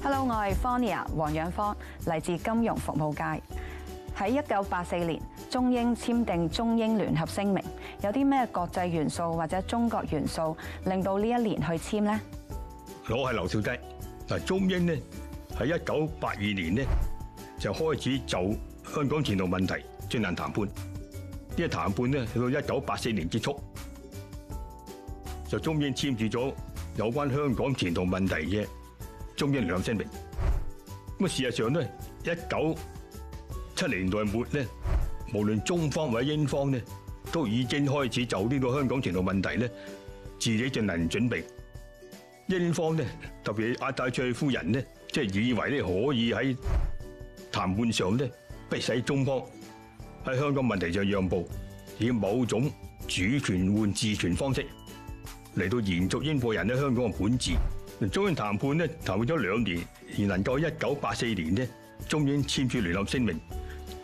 Hello，我係 Fiona 黃仰芳，嚟自金融服務界。喺一九八四年，中英簽訂中英聯合聲明，有啲咩國際元素或者中國元素令到呢一年去簽呢？我係劉小姐劉兆佳。嗱，中英咧喺一九八二年咧就開始就香港前途問題進行談判，呢一談判咧去到一九八四年結束，就中英簽署咗有關香港前途問題嘅。中英聯合聲明，咁事實上都一九七零年代末咧，無論中方或者英方咧，都已經開始就呢個香港前途問題咧，自己進行準備。英方咧，特別戴卓爾夫人咧，即係以為咧可以喺談判上咧，逼使中方喺香港問題上讓步，以某種主權換治權方式嚟到延續英國人喺香港嘅管治。中英談判咧，談判咗兩年，而能夠一九八四年咧，中英簽署聯合聲明，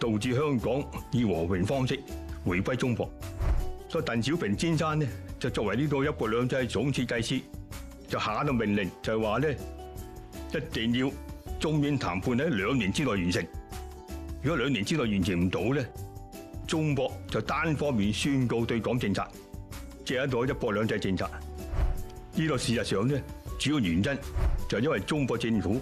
導致香港以和平方式回歸中國。所以鄧小平先生咧，就作為呢個一國兩制總設計師，就下到命令，就係話咧，一定要中英談判喺兩年之內完成。如果兩年之內完成唔到咧，中國就單方面宣告對港政策，即係一個「一國兩制政策」。呢個事實上咧。主要原因就因為中國政府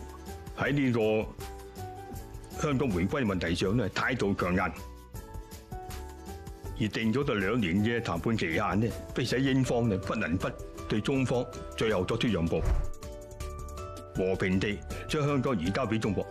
喺呢個香港回歸問題上咧，態度強硬，而定咗個兩年嘅談判期限咧，迫使英方咧不能不對對中方最後作出讓步，和平地將香港移交俾中國。